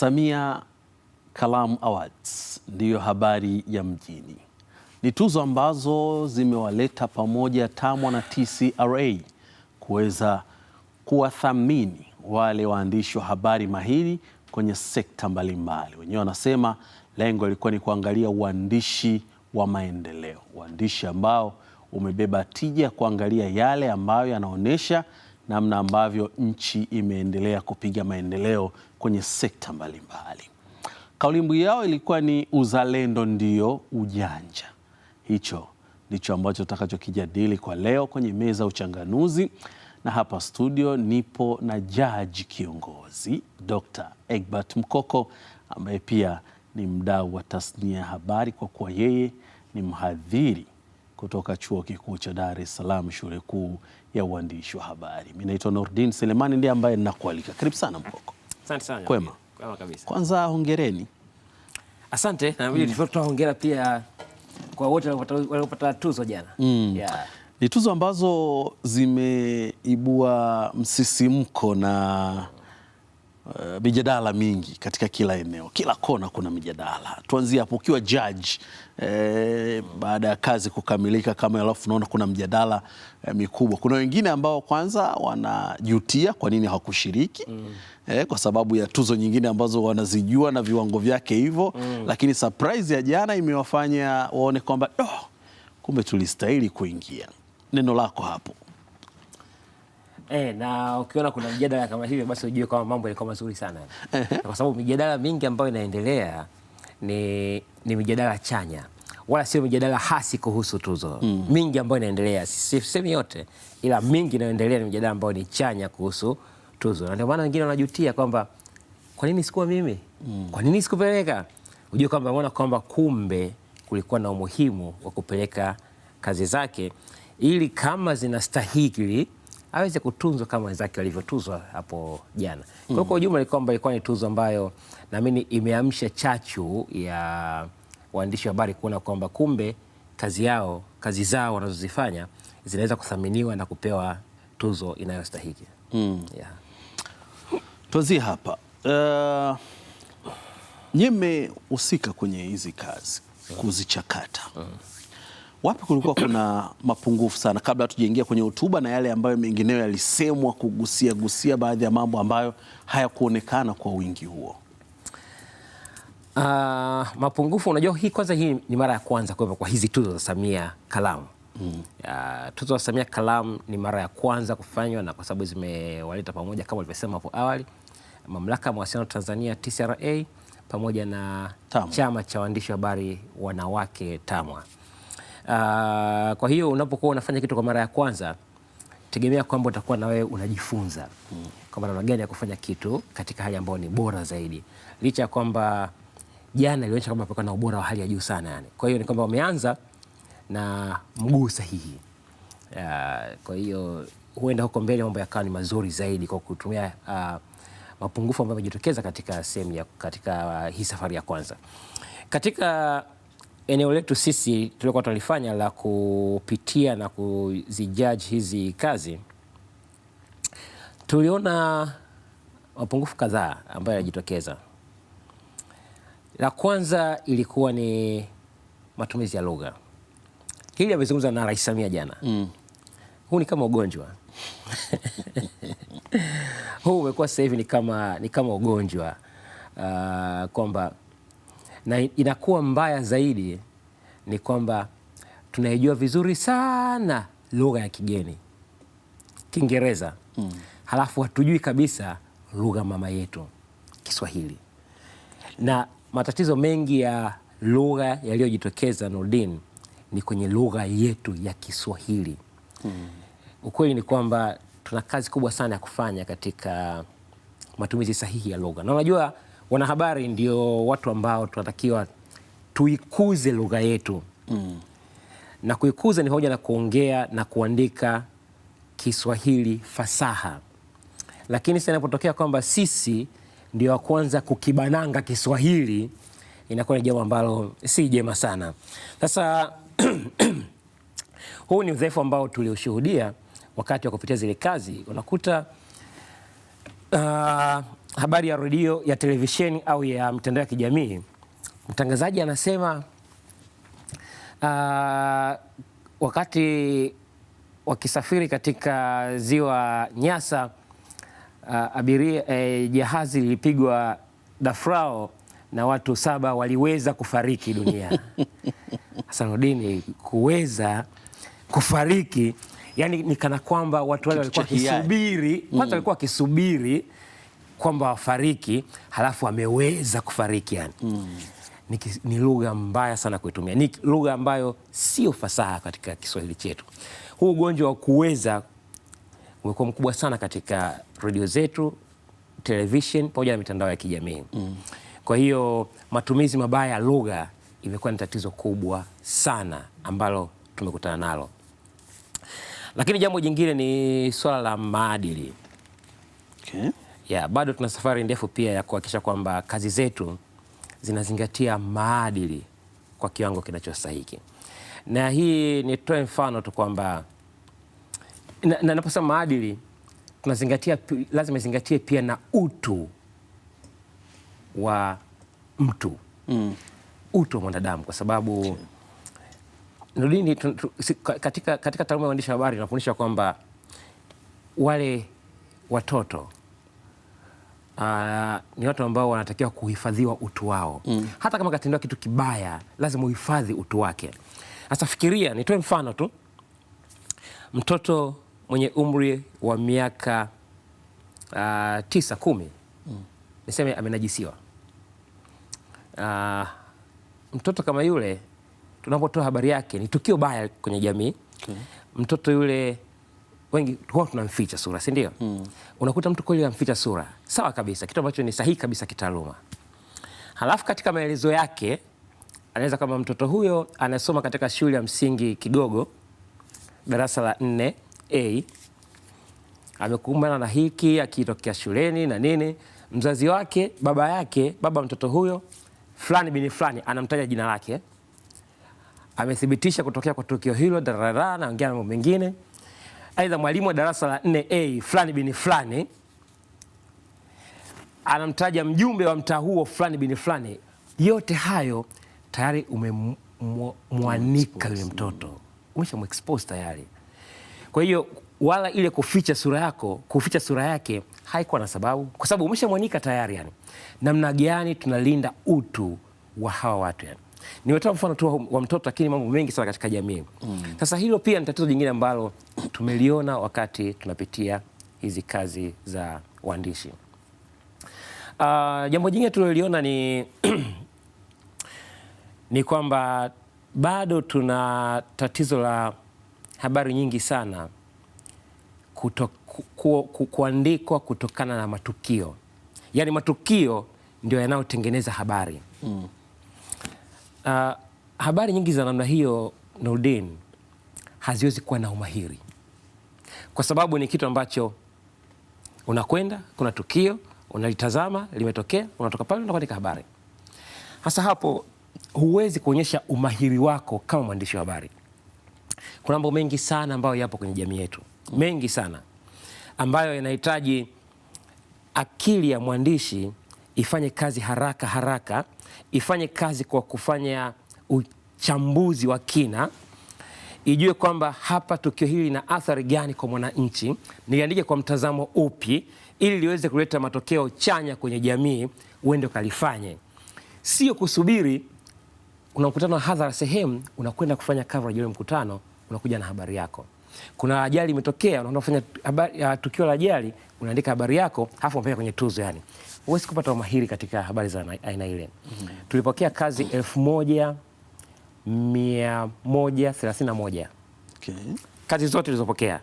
Samia kalam Awards ndiyo habari ya mjini. Ni tuzo ambazo zimewaleta pamoja TAMWA na TCRA kuweza kuwathamini wale waandishi wa habari mahiri kwenye sekta mbalimbali. Wenyewe wanasema lengo lilikuwa ni kuangalia uandishi wa maendeleo, uandishi ambao umebeba tija, kuangalia yale ambayo yanaonyesha namna ambavyo nchi imeendelea kupiga maendeleo kwenye sekta mbalimbali. Kauli mbiu yao ilikuwa ni uzalendo ndio ujanja. Hicho ndicho ambacho tutakachokijadili kwa leo kwenye meza ya uchanganuzi, na hapa studio nipo na jaji kiongozi Dr. Egbert Mkoko ambaye pia ni mdau wa tasnia ya habari kwa kuwa yeye ni mhadhiri kutoka Chuo Kikuu cha Dar es Salaam, shule kuu ya uandishi wa habari. Mimi naitwa Nordin Selemani, ndiye ambaye ninakualika. Karibu sana Mkoko. Asante sana. Kwema. Kwema kabisa. Kwanza hongereni. Asante na mimi tulitoa hongera pia kwa wote waliopata tuzo jana. Mm. Yeah. Ni tuzo ambazo zimeibua msisimko na uh, mijadala mingi katika kila eneo, kila kona kuna mijadala. Tuanzie hapo, ukiwa judge eh, baada ya kazi kukamilika kama, alafu naona kuna mjadala eh, mikubwa. Kuna wengine ambao kwanza wanajutia kwa nini hawakushiriki mm. Eh, kwa sababu ya tuzo nyingine ambazo wanazijua na viwango vyake hivyo mm. Lakini surprise ya jana imewafanya waone kwamba oh, kumbe tulistahili kuingia. Neno lako hapo. Eh, na ukiona kuna mjadala kama hivyo basi ujue kwamba mambo yalikuwa mazuri sana kwa sababu mijadala mingi ambayo inaendelea ni, ni mijadala chanya wala sio mijadala hasi kuhusu tuzo mm. Mingi ambayo inaendelea sisemi yote, ila mingi inayoendelea ni mijadala ambayo ni chanya kuhusu tuzo, na ndio maana wengine wanajutia kwamba kwa nini sikuwa mimi mm. Kwa nini sikupeleka? Ujue kwamba unaona kwamba kumbe kulikuwa na umuhimu wa kupeleka kazi zake ili kama zinastahili aweze kutunzwa kama wenzake walivyotuzwa hapo jana. Kwa hiyo hmm. kwa ujumla ni kwamba ilikuwa ni tuzo ambayo naamini imeamsha chachu ya waandishi wa habari kuona kwamba kumbe kazi yao, kazi zao wanazozifanya zinaweza kuthaminiwa na kupewa tuzo inayostahiki. Mm. Yeah. Tuanzie hapa. Uh, nyie mmehusika kwenye hizi kazi hmm. kuzichakata. Mm wapi kulikuwa kuna mapungufu sana, kabla tujaingia kwenye hotuba na yale ambayo mengineo yalisemwa kugusia gusia baadhi ya mambo ambayo hayakuonekana kwa wingi huo? Uh, mapungufu, unajua hii kwanza, hii ni mara ya kwanza kuwepo kwa hizi tuzo za Samia Kalamu. Mm. Uh, tuzo za Samia Kalamu ni mara ya kwanza kufanywa, na kwa sababu zimewaleta pamoja kama walivyosema hapo awali, mamlaka ya mawasiliano Tanzania TCRA pamoja na Tamu, chama cha waandishi wa habari wanawake TAMWA. Uh, kwa hiyo unapokuwa unafanya kitu kwa mara ya kwanza tegemea kwamba utakuwa na wewe unajifunza mm. kwamba namna gani ya kufanya kitu katika hali ambayo ni bora zaidi, licha ya kwamba jana ilionyesha kwamba palikuwa na ubora wa hali ya juu sana yani. Kwa hiyo ni kwamba wameanza na mguu sahihi uh, kwa hiyo huenda huko mbele mambo yakawa ni mazuri zaidi kwa kutumia uh, mapungufu ambayo yamejitokeza katika sehemu ya katika uh, hii safari ya kwanza katika eneo letu sisi tuliokuwa tunalifanya la kupitia na kuzijaji hizi kazi, tuliona mapungufu kadhaa ambayo yanajitokeza. La kwanza ilikuwa ni matumizi ya lugha. Hili amezungumza na Rais Samia jana mm. Huu ni kama ugonjwa huu umekuwa sasa hivi ni kama, ni kama ugonjwa uh, kwamba na inakuwa mbaya zaidi ni kwamba tunaijua vizuri sana lugha ya kigeni Kiingereza mm. halafu hatujui kabisa lugha mama yetu Kiswahili, na matatizo mengi ya lugha yaliyojitokeza Nurdin, ni kwenye lugha yetu ya Kiswahili mm. Ukweli ni kwamba tuna kazi kubwa sana ya kufanya katika matumizi sahihi ya lugha, na unajua wanahabari ndio watu ambao tunatakiwa tuikuze lugha yetu mm. na kuikuza ni pamoja na kuongea na kuandika Kiswahili fasaha, lakini sasa inapotokea kwamba sisi ndio wa kwanza kukibananga Kiswahili inakuwa ni jambo ambalo si jema sana. Sasa huu ni udhaifu ambao tulioshuhudia wakati wa kupitia zile kazi, unakuta uh, habari ya redio ya televisheni au ya mtandao ya kijamii, mtangazaji anasema uh, wakati wakisafiri katika ziwa Nyasa uh, abiria eh, jahazi lilipigwa dafrao na watu saba waliweza kufariki dunia. Hasanudini kuweza kufariki yani ni kana kwamba watu wale walikuwa kisubiri kwanza, mm. walikuwa mm. kisubiri kwamba wafariki, halafu wameweza kufariki yani mm. Ni, ni lugha mbaya sana kuitumia, ni lugha ambayo sio fasaha katika Kiswahili chetu. Huu ugonjwa wa kuweza umekuwa mkubwa sana katika redio zetu, television pamoja na mitandao ya kijamii mm. Kwa hiyo matumizi mabaya ya lugha imekuwa ni tatizo kubwa sana ambalo tumekutana nalo. Lakini jambo jingine ni swala la maadili. Okay. Yeah, bado tuna safari ndefu pia ya kuhakikisha kwamba kazi zetu zinazingatia maadili kwa kiwango kinachostahiki, na hii nitoe mfano tu kwamba na naposema maadili tunazingatia, lazima izingatie pia na utu wa mtu mm. utu wa mwanadamu kwa sababu okay nudini, katika, katika taaluma ya uandishi wa habari inafundisha kwamba wale watoto Uh, ni watu ambao wanatakiwa kuhifadhiwa utu wao mm. Hata kama katendewa kitu kibaya, lazima uhifadhi utu wake. Sasa fikiria, nitoe mfano tu, mtoto mwenye umri wa miaka uh, tisa kumi mm. niseme amenajisiwa. Uh, mtoto kama yule tunapotoa habari yake ni tukio baya kwenye jamii okay. Mtoto yule wengi huwa tunamficha sura, si ndio? Hmm. Unakuta mtu kweli anamficha sura, sawa kabisa, kitu ambacho ni sahihi kabisa kitaaluma. Halafu katika maelezo yake anaweza kama mtoto huyo anasoma katika shule ya msingi Kigogo darasa la nne a amekumbana na hiki akitokea shuleni na nini, mzazi wake baba yake baba mtoto huyo fulani bini fulani, anamtaja jina lake amethibitisha kutokea kwa tukio hilo darara na wengine mambo mengine. Aidha, mwalimu wa darasa la 4A fulani bin fulani anamtaja mjumbe wa mtaa huo fulani bin fulani. Yote hayo tayari umemwanika yule mtoto, umeshamexpose tayari. Kwa hiyo wala ile kuficha sura yako, kuficha sura yake haikuwa na sababu, kwa sababu umeshamwanika tayari. Yani namna gani tunalinda utu wa hawa watu yani? Nimetoa mfano tu wa mtoto, lakini mambo mengi sana katika jamii. Mm. Sasa hilo pia ni tatizo jingine ambalo tumeliona wakati tunapitia hizi kazi za uandishi. Uh, jambo jingine tuliloliona ni ni kwamba bado tuna tatizo la habari nyingi sana kuto, ku, ku, ku, kuandikwa kutokana na matukio, yaani matukio ndio yanayotengeneza habari mm. Uh, habari nyingi za namna hiyo Nurdin, haziwezi kuwa na umahiri, kwa sababu ni kitu ambacho unakwenda, kuna tukio unalitazama limetokea, unatoka pale na kuandika habari. Hasa hapo huwezi kuonyesha umahiri wako kama mwandishi wa habari. Kuna mambo mengi sana ambayo yapo kwenye jamii yetu, mengi sana ambayo yanahitaji akili ya mwandishi ifanye kazi haraka haraka, ifanye kazi kwa kufanya uchambuzi wa kina, ijue kwamba hapa tukio hili lina athari gani kwa mwananchi, niliandike kwa mtazamo upi, ili liweze kuleta matokeo chanya kwenye jamii, uende ukalifanye, sio kusubiri kuna mkutano wa hadhara sehemu, unakwenda kufanya coverage ile mkutano, unakuja na habari yako. Kuna ajali imetokea, unaenda kufanya uh, tukio la ajali, unaandika habari yako, halafu unapeleka kwenye tuzo yani huwezi kupata umahiri katika habari za aina ile. mm -hmm. Tulipokea kazi elfu moja mia moja thelathini na moja. Okay. Kazi zote tulizopokea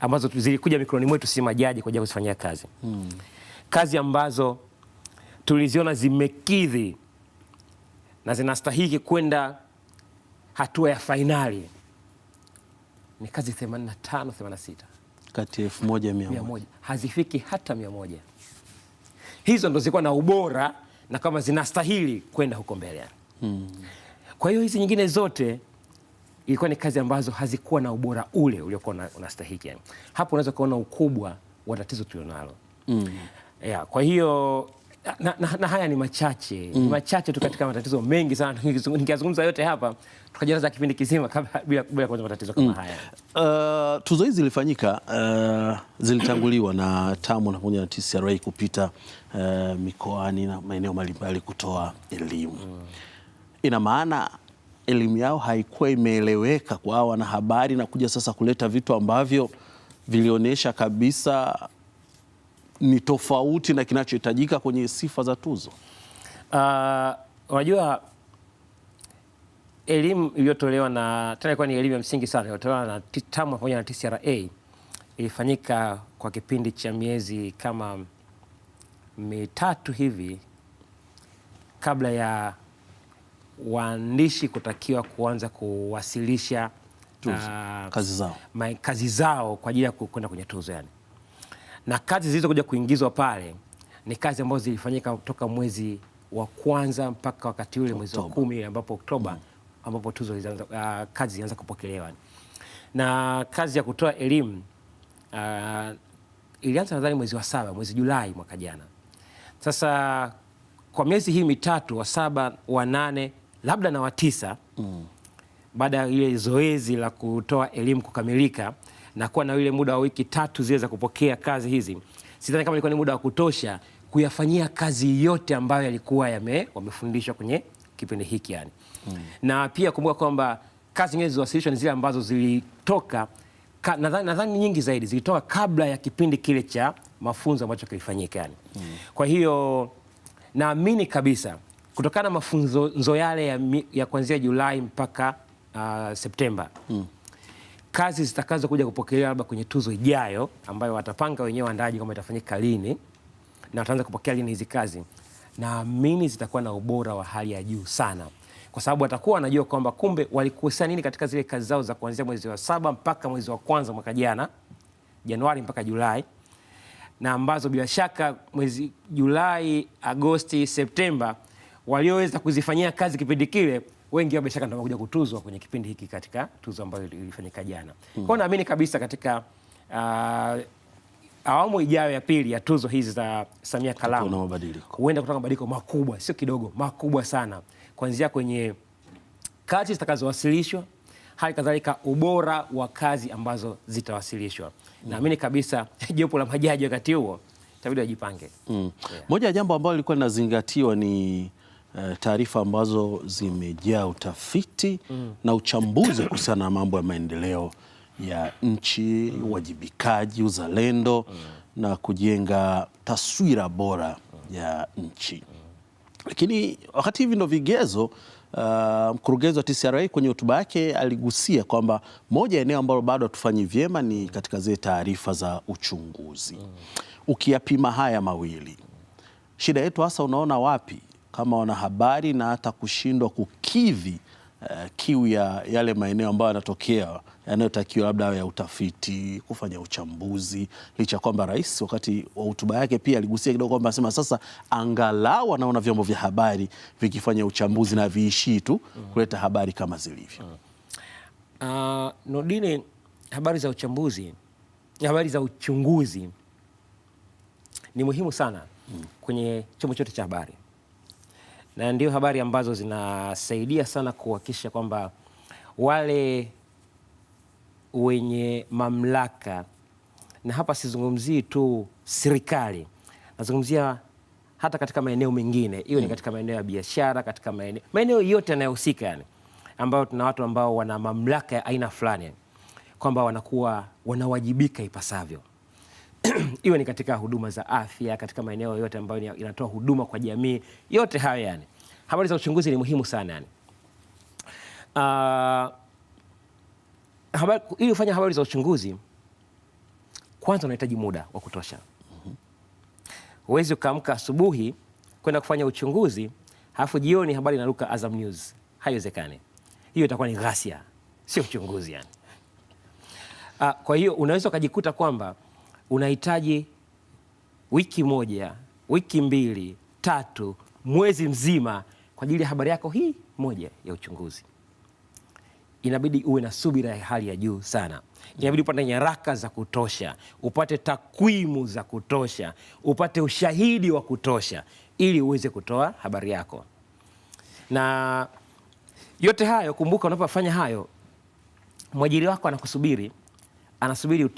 ambazo zilikuja mikononi mwetu si majaji kwa kuzifanyia kazi. hmm. Kazi ambazo tuliziona zimekidhi na zinastahiki kwenda hatua ya fainali ni kazi 85 86 kati ya 1100 hazifiki hata mia hizo ndo zilikuwa na ubora na kama zinastahili kwenda huko mbele hmm. Kwa hiyo hizi nyingine zote ilikuwa ni kazi ambazo hazikuwa na ubora ule uliokuwa unastahiki yani. Hapo unaweza kuona ukubwa wa tatizo tulionalo hmm. Yeah, kwa hiyo na, na, na haya ni machache mm. Ni machache tu katika matatizo mengi sana. Ningezungumza yote hapa tukajaza kipindi kizima bila bila kuanza matatizo kama mm. haya. Uh, tuzo hizi zilifanyika uh, zilitanguliwa na TAMWA na pamoja na TCRA kupita uh, mikoani na maeneo mbalimbali kutoa elimu mm. Ina maana elimu yao haikuwa imeeleweka kwa wanahabari na kuja sasa kuleta vitu ambavyo vilionyesha kabisa ni tofauti na kinachohitajika kwenye sifa za tuzo? Ah, unajua uh, elimu iliyotolewa na tena ilikuwa ni elimu ya msingi sana iliyotolewa na TAMWA pamoja na TCRA ilifanyika kwa kipindi cha miezi kama mitatu hivi kabla ya waandishi kutakiwa kuanza kuwasilisha uh, kazi zao, kazi zao kwa ajili ya kwenda kwenye tuzo yani na kazi zilizokuja kuingizwa pale ni kazi ambazo zilifanyika toka mwezi wa kwanza mpaka wakati ule mwezi wa kumi ambapo Oktoba mm. ambapo tuzo zilianza, uh, kazi zilianza kupokelewa na kazi ya kutoa elimu uh, ilianza nadhani mwezi wa saba, mwezi Julai mwaka jana. Sasa kwa miezi hii mitatu wa saba, wa nane, labda na wa tisa mm. baada ya ile zoezi la kutoa elimu kukamilika na kuwa na ile muda wa wiki tatu zile za kupokea kazi hizi, sidhani kama ilikuwa ni muda wa kutosha kuyafanyia kazi yote ambayo yalikuwa yame wamefundishwa kwenye kipindi hiki yani. Mm. Na pia kumbuka kwamba kazi nyingine zilizowasilishwa ni zile ambazo zilitoka nadhani nadha nyingi zaidi zilitoka kabla ya kipindi kile cha mafunzo ambacho kilifanyika yani. Mm. Kwa hiyo naamini kabisa kutokana na mafunzo yale ya, ya kuanzia Julai mpaka uh, Septemba mm kazi zitakazo kuja kupokelewa labda kwenye tuzo ijayo ambayo watapanga wenyewe waandaaji kama itafanyika lini na wataanza kupokea lini hizi kazi, naamini zitakuwa na ubora wa hali ya juu sana, kwa sababu watakuwa wanajua kwamba kumbe walikosea nini katika zile kazi zao za kuanzia mwezi wa saba mpaka mwezi wa kwanza mwaka jana, Januari mpaka Julai, na ambazo bila shaka mwezi Julai, Agosti, Septemba walioweza kuzifanyia kazi kipindi kile wengi wao bila shaka ndio wamekuja kutuzwa kwenye kipindi hiki katika tuzo ambayo ilifanyika jana. Mm. Kwa naamini kabisa katika uh, awamu ijayo ya pili ya tuzo hizi za Samia Kalamu huenda kutoka mabadiliko makubwa, sio kidogo, makubwa sana, kuanzia kwenye kazi zitakazowasilishwa hali kadhalika ubora wa kazi ambazo zitawasilishwa. Mm. Naamini kabisa jopo la majaji wakati huo itabidi wajipange. Mm. Yeah. Moja ya jambo ambalo lilikuwa linazingatiwa ni Eh, taarifa ambazo zimejaa utafiti mm. na uchambuzi kuhusiana na mambo ya maendeleo ya nchi, uwajibikaji, uzalendo mm. na kujenga taswira bora ya nchi mm. Lakini wakati hivi ndo vigezo uh, mkurugenzi wa TCRA kwenye hotuba yake aligusia kwamba moja eneo ambalo bado hatufanyi vyema ni katika zile taarifa za uchunguzi mm. Ukiyapima haya mawili, shida yetu hasa unaona wapi? kama wanahabari na hata kushindwa kukidhi uh, kiu ya yale maeneo ambayo yanatokea yanayotakiwa labda ya utafiti, kufanya uchambuzi, licha kwamba rais wakati wa hotuba yake pia aligusia kidogo kwamba anasema sasa angalau anaona vyombo vya habari vikifanya uchambuzi na viishii tu kuleta habari kama zilivyo. Uh, mm. ah, Nurdin, habari za uchambuzi, habari za uchunguzi ni muhimu sana mm. kwenye chombo chote cha habari na ndio habari ambazo zinasaidia sana kuhakikisha kwamba wale wenye mamlaka, na hapa sizungumzii tu serikali, nazungumzia hata katika maeneo mengine, hiyo ni mm. katika maeneo ya biashara, katika maeneo maeneo yote yanayohusika, yani ambayo tuna watu ambao wana mamlaka ya aina fulani, kwamba wanakuwa wanawajibika ipasavyo. iwe ni katika huduma za afya, katika maeneo yote ambayo inatoa huduma kwa jamii, yote hayo yani. Habari za uchunguzi ni muhimu sana yani. Uh, habari, ili ufanye habari za uchunguzi kwanza unahitaji muda wa kutosha. Huwezi mm -hmm. ukaamka asubuhi kwenda kufanya uchunguzi halafu jioni habari inaruka Azam News, haiwezekani. Hiyo itakuwa ni ghasia, sio uchunguzi yani. Uh, kwa hiyo unaweza ukajikuta kwamba unahitaji wiki moja, wiki mbili, tatu, mwezi mzima kwa ajili ya habari yako hii moja ya uchunguzi. Inabidi uwe na subira ya hali ya juu sana. Inabidi upate nyaraka za kutosha, upate takwimu za kutosha, upate ushahidi wa kutosha, ili uweze kutoa habari yako. Na yote hayo, kumbuka, unapofanya hayo, mwajiri wako anakusubiri, anasubiri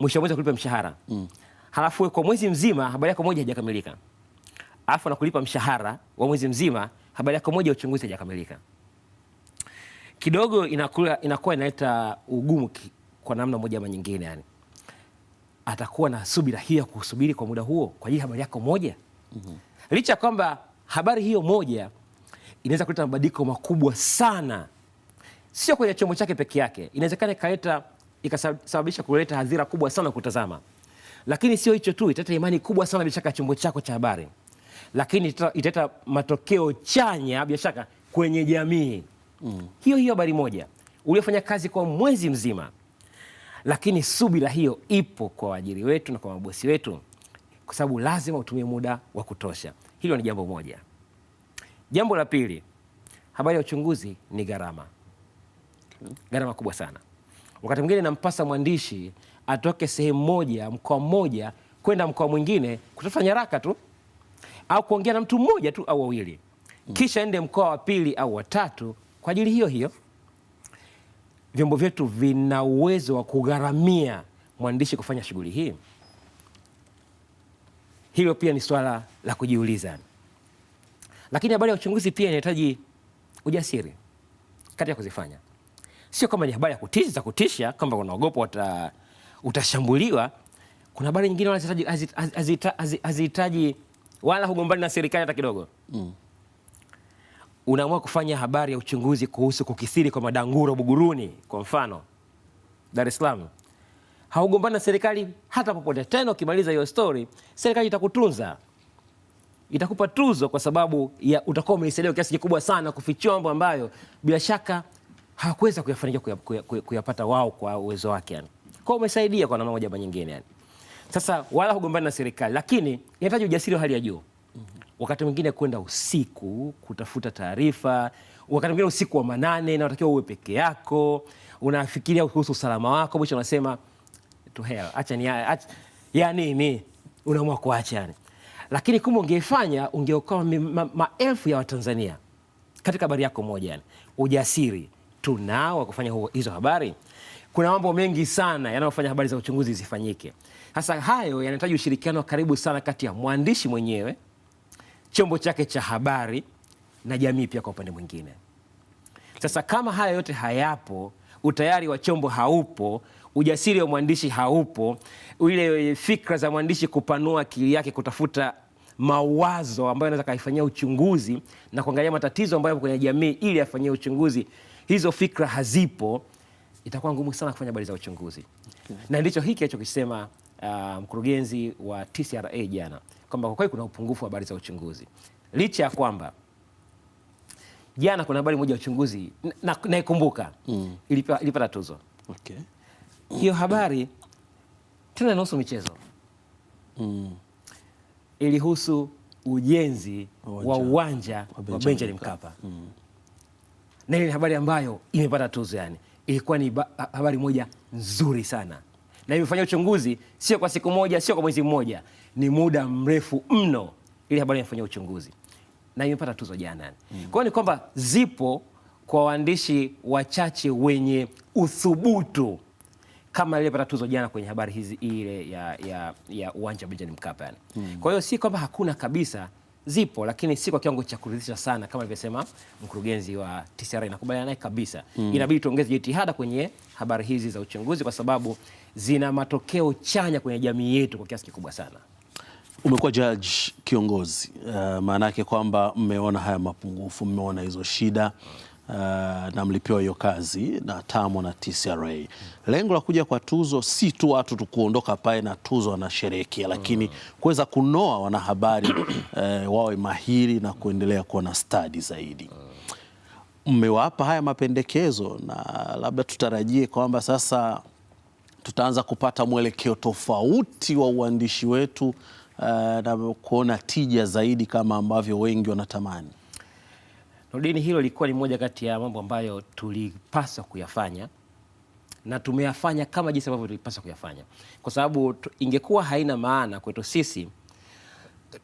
mwisho mwezi kulipa mshahara mm. Halafu kwa mwezi mzima habari yako moja haijakamilika, alafu nakulipa mshahara wa mwezi mzima, habari yako moja uchunguzi haijakamilika, kidogo inakula, inakuwa inaleta ugumu kwa namna moja ama nyingine, yani atakuwa na subira hiyo ya kusubiri kwa muda huo kwa ajili habari yako moja mm -hmm. Licha ya kwamba habari hiyo moja inaweza kuleta mabadiliko makubwa sana, sio kwenye chombo chake peke yake, inawezekana ikaleta ikasababisha kuleta hadhira kubwa sana kutazama. Lakini sio hicho tu, italeta imani kubwa sana bila shaka chombo chako cha habari, lakini italeta matokeo chanya bila shaka kwenye jamii mm. Hiyo hiyo habari moja uliofanya kazi kwa mwezi mzima, lakini subira hiyo ipo kwa waajiri wetu na kwa mabosi wetu, kwa sababu lazima utumie muda wa kutosha. Hilo ni jambo moja. Jambo la pili, habari ya uchunguzi ni gharama, gharama kubwa sana. Wakati mwingine nampasa mwandishi atoke sehemu moja, mkoa mmoja kwenda mkoa mwingine kutafuta nyaraka tu au kuongea na mtu mmoja tu au wawili, mm. kisha ende mkoa wa pili au watatu kwa ajili hiyo hiyo. Vyombo vyetu vina uwezo wa kugharamia mwandishi kufanya shughuli hii. Hilo pia ni swala la kujiuliza, lakini habari ya uchunguzi pia inahitaji ujasiri kati ya kuzifanya sio kama ni habari ya kutisha za kutisha kwamba unaogopa uta, utashambuliwa. Kuna habari nyingine hazihitaji wala hugombani na serikali hata kidogo mm. Unaamua kufanya habari ya uchunguzi kuhusu kukithiri kwa madanguro Buguruni, kwa mfano Dar es Salaam, haugombani na serikali hata popote tena. Ukimaliza hiyo story, serikali itakutunza itakupa tuzo, kwa sababu ya utakuwa umeisaidia kiasi kikubwa sana kufichua mambo ambayo bila shaka hawakuweza kuyafanikia kuyapata wao kwa uwezo wake yani. Kwa umesaidia kwa namna moja ama nyingine yani. Sasa wala hugombani na serikali, lakini inahitaji ujasiri wa hali ya juu. Wakati mwingine kwenda usiku kutafuta taarifa, wakati mwingine usiku wa manane na unatakiwa uwe peke yako, unafikiria kuhusu usalama wako, mwisho unasema to hell, acha ni acha ya nini, unaamua kuacha yani. Lakini kama ungeifanya ungeokoa maelfu ma, ma ya Watanzania katika habari yako moja yani, ujasiri tunao wa kufanya hizo habari? Kuna mambo mengi sana yanayofanya habari za uchunguzi zifanyike. Hasa hayo yanahitaji ushirikiano wa karibu sana kati ya mwandishi mwenyewe, chombo chake cha habari na jamii pia kwa upande mwingine. Sasa kama haya yote hayapo, utayari wa chombo haupo, ujasiri wa mwandishi haupo, ile fikra za mwandishi kupanua akili yake, kutafuta mawazo ambayo anaweza kaifanyia uchunguzi na kuangalia matatizo ambayo kwenye jamii ili afanyie uchunguzi, hizo fikra hazipo, itakuwa ngumu sana kufanya habari za uchunguzi okay. Na ndicho hiki alichokisema uh, mkurugenzi wa TCRA jana kwamba kwa kweli kuna upungufu wa habari za uchunguzi, licha ya kwamba jana kuna habari moja ya uchunguzi naikumbuka na, na mm. ilipata tuzo okay. Hiyo habari tena inahusu michezo mm. ilihusu ujenzi wa uwanja wa Benjamin Mkapa mm na ile habari ambayo imepata tuzo yani ilikuwa ni habari moja nzuri sana, na imefanya uchunguzi sio kwa siku moja, sio kwa mwezi mmoja, ni muda mrefu mno ile habari imefanya uchunguzi na imepata tuzo jana yani. mm. Kwa ni kwamba zipo kwa waandishi wachache wenye uthubutu kama ilipata tuzo jana kwenye habari hizi ile ya, ya, ya uwanja wa Benjamin Mkapa yani. mm. Kwa hiyo si kwamba hakuna kabisa zipo, lakini si kwa kiwango cha kuridhisha sana kama alivyosema mkurugenzi wa TCRA. Nakubaliana naye kabisa mm. Inabidi tuongeze jitihada kwenye habari hizi za uchunguzi kwa sababu zina matokeo chanya kwenye jamii yetu kwa kiasi kikubwa sana. Umekuwa jaji kiongozi, uh, maana yake kwamba mmeona haya mapungufu, mmeona hizo shida mm uh, na mlipiwa hiyo kazi na TAMWA na TCRA. Lengo la kuja kwa tuzo si tu watu tukuondoka pale na tuzo wanasherehekea, lakini mm. kuweza kunoa wanahabari uh, wawe mahiri na kuendelea kuwa na stadi zaidi. Mm. Mmewapa haya mapendekezo na labda tutarajie kwamba sasa tutaanza kupata mwelekeo tofauti wa uandishi wetu uh, na kuona tija zaidi kama ambavyo wengi wanatamani. Na hilo lilikuwa ni moja kati ya mambo ambayo tulipaswa kuyafanya na tumeyafanya kama jinsi ambavyo tulipaswa kuyafanya, kwa sababu ingekuwa haina maana kwetu sisi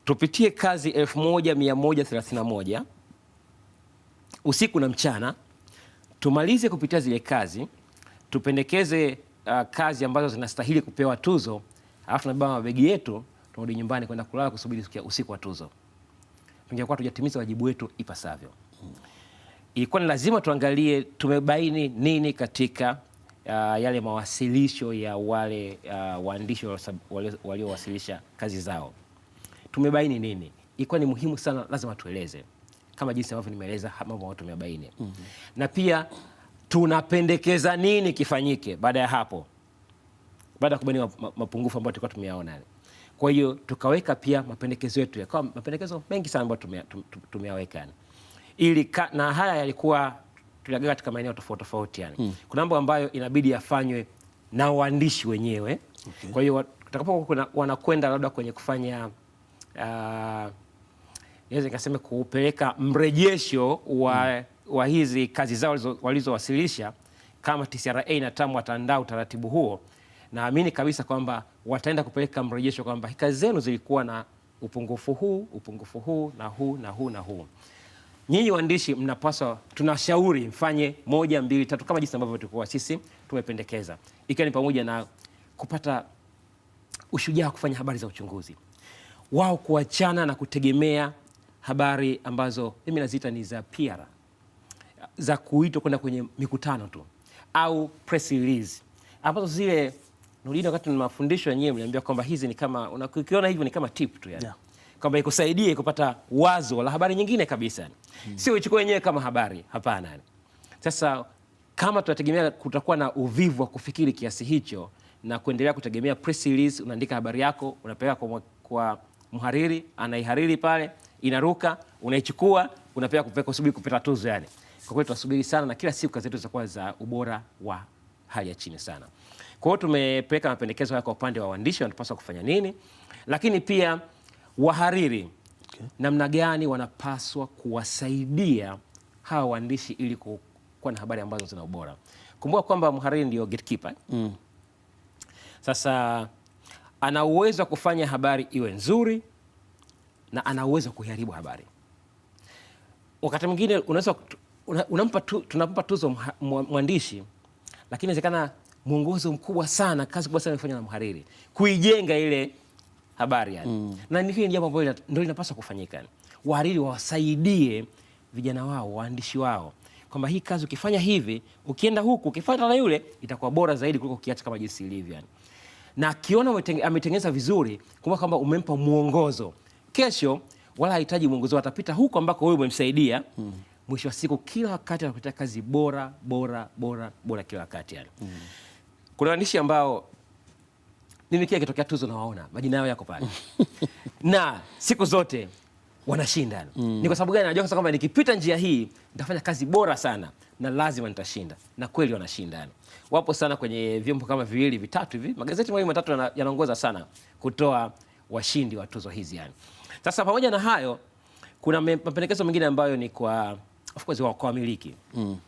tupitie kazi 1131 usiku na mchana, tumalize kupitia zile kazi, tupendekeze uh, kazi ambazo zinastahili kupewa tuzo, alafu tunabeba mabegi yetu tunarudi nyumbani kwenda kulala kusubiri usiku wa tuzo. Tungekuwa tujatimiza wajibu wetu ipasavyo ilikuwa ni lazima tuangalie tumebaini nini katika uh, yale mawasilisho ya wale uh, waandishi waliowasilisha kazi zao. Tumebaini nini, ilikuwa ni muhimu sana, lazima tueleze kama jinsi ambavyo nimeeleza mambo ambayo tumebaini. mm -hmm. na pia tunapendekeza nini kifanyike baada ya hapo, baada ya kubaini mapungufu ambayo tulikuwa tumeyaona. Kwa hiyo tukaweka pia mapendekezo yetu, yakawa mapendekezo mengi sana ambayo tumeyaweka tume, tume ili ka, na haya yalikuwa tuliagaa katika maeneo tofauti tofauti yani. Hmm. Kuna mambo ambayo inabidi yafanywe na waandishi wenyewe okay. Kwa hiyo watakapokuwa wanakwenda labda kwenye kufanya uh, ah, niweza nikasema kupeleka mrejesho wa, hmm. wa hizi kazi zao walizowasilisha kama TCRA na TAMWA wataandaa utaratibu huo, naamini kabisa kwamba wataenda kupeleka mrejesho kwamba kazi zenu zilikuwa na upungufu huu upungufu huu na huu na huu na huu nyinyi waandishi mnapaswa, tunashauri mfanye moja, mbili, tatu kama jinsi ambavyo tulikuwa sisi tumependekeza, ikiwa ni pamoja na kupata ushujaa wa kufanya habari za uchunguzi, wao kuachana na kutegemea habari ambazo mimi naziita ni za PR za kuitwa kwenda kwenye mikutano tu au press release ambazo zile ndio. Wakati na mafundisho yenyewe mliambia kwamba hizi ni kama ukiona hivyo ni kama tip tu yani. Yeah kwamba ikusaidie kupata wazo la habari nyingine kabisa, hmm. sio uchukue wenyewe kama habari. Hapana. Sasa kama tunategemea kutakuwa na uvivu wa kufikiri kiasi hicho na kuendelea kutegemea press release, unaandika habari yako unapeleka kwa, kwa mhariri, anaihariri pale, inaruka, unaichukua unapeleka kusubiri kupata tuzo. Yani kwa kweli tunasubiri sana, na kila siku kazi zetu zitakuwa za ubora wa hali ya chini sana. Kwa hiyo tumepeleka mapendekezo haya kwa upande wa waandishi wanapaswa kufanya nini, lakini pia wahariri okay, namna gani wanapaswa kuwasaidia hawa waandishi ili kuwa na habari ambazo zina ubora. Kumbuka kwamba mhariri ndio gatekeeper mm. Sasa ana uwezo wa kufanya habari iwe nzuri na ana uwezo wa kuiharibu habari. Wakati mwingine unaweza unampa tu, tunampa tuzo mwandishi, lakini inawezekana mwongozo mkubwa sana, kazi kubwa sana imefanywa na mhariri kuijenga ile habari yani. Mm. Na ni hili jambo ambalo ndio linapaswa kufanyika. Wahariri wawasaidie vijana wao, waandishi wao kwamba hii kazi ukifanya hivi, ukienda huku, ukifuata na yule, itakuwa bora zaidi kuliko kiacha kama jinsi ilivyo yani. Na akiona ametengeneza vizuri, kumbuka kwamba umempa mwongozo. Kesho wala hahitaji mwongozo, atapita huko ambako wewe umemsaidia. Mm. Mwisho wa siku kila wakati anakuletea kazi bora bora bora bora kila wakati yani. Mm. Kuna waandishi ambao mimi kila kitokea tuzo nawaona majina yao yako pale na siku zote wanashinda mm. Ni kwa sababu gani? Najua kwamba nikipita njia hii nitafanya kazi bora sana na lazima nitashinda, na kweli wanashindana. Wapo sana kwenye vyombo kama viwili vitatu hivi, magazeti mawili matatu yanaongoza sana kutoa washindi wa tuzo hizi yani. Sasa pamoja na hayo, kuna mapendekezo mengine ambayo ni kwa of course wa kwa wamiliki mm.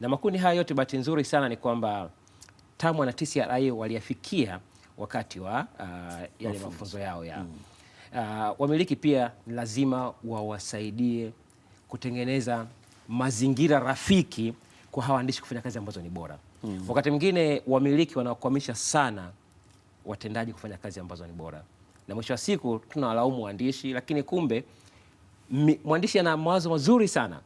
na makundi haya yote, bahati nzuri sana ni kwamba TAMWA na TCRA waliafikia wakati wa uh, yale mafunzo yao ya mm. Uh, wamiliki pia lazima wawasaidie kutengeneza mazingira rafiki kwa hawa waandishi kufanya kazi ambazo ni bora mm. Wakati mwingine wamiliki wanawakwamisha sana watendaji kufanya kazi ambazo ni bora, na mwisho wa siku tunawalaumu waandishi, lakini kumbe mwandishi ana mawazo mazuri sana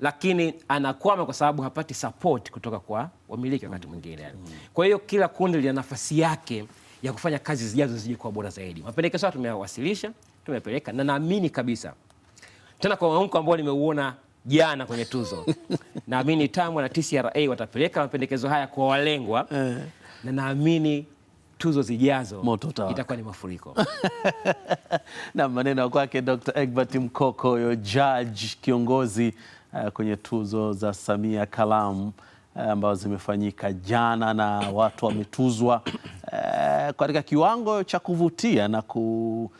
lakini anakwama kwa sababu hapati support kutoka kwa wamiliki wakati mm. mwingine. Mm. Kwa hiyo kila kundi lina nafasi yake ya kufanya kazi zijazo zije kuwa bora zaidi. Mapendekezo hayo tumewasilisha, tumepeleka na naamini kabisa tena kwa mwamko ambao nimeuona jana kwenye tuzo naamini TAMWA na TCRA watapeleka mapendekezo haya kwa walengwa eh. na naamini tuzo zijazo itakuwa ni mafuriko. na maneno kwake Dr. Egbert yo judge kiongozi uh, kwenye tuzo za Samia Kalamu. Eh, ambazo zimefanyika jana na watu wametuzwa eh, katika kiwango cha kuvutia na kuinua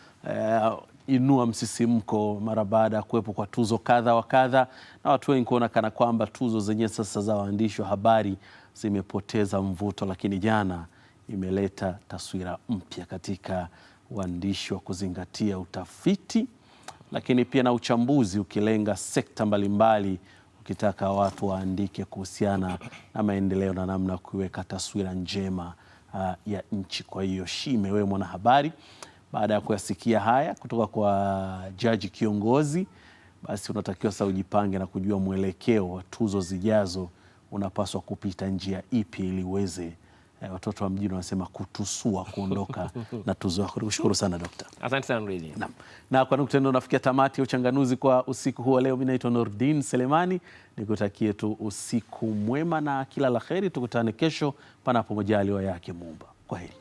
eh, msisimko mara baada ya kuwepo kwa tuzo kadha wa kadha, na watu wengi kuona kana kwamba tuzo zenyewe sasa za waandishi wa habari zimepoteza mvuto, lakini jana imeleta taswira mpya katika uandishi wa kuzingatia utafiti, lakini pia na uchambuzi ukilenga sekta mbalimbali mbali tukitaka watu waandike kuhusiana na maendeleo na namna ya kuiweka taswira njema uh, ya nchi. Kwa hiyo Shime, wewe mwanahabari, baada ya kuyasikia haya kutoka kwa jaji kiongozi, basi unatakiwa sasa ujipange na kujua mwelekeo wa tuzo zijazo, unapaswa kupita njia ipi ili uweze eh, watoto wa mjini wanasema kutusua kuondoka na tuzo yako. Nikushukuru sana dokta, asante sana Mridi. Naam, na kwa nukta ndo nafikia tamati ya uchanganuzi kwa usiku huu wa leo. mi naitwa Nordin Selemani, nikutakie tu usiku mwema na kila la heri. Tukutane kesho, panapo majaliwa yake Muumba. Kwa heri.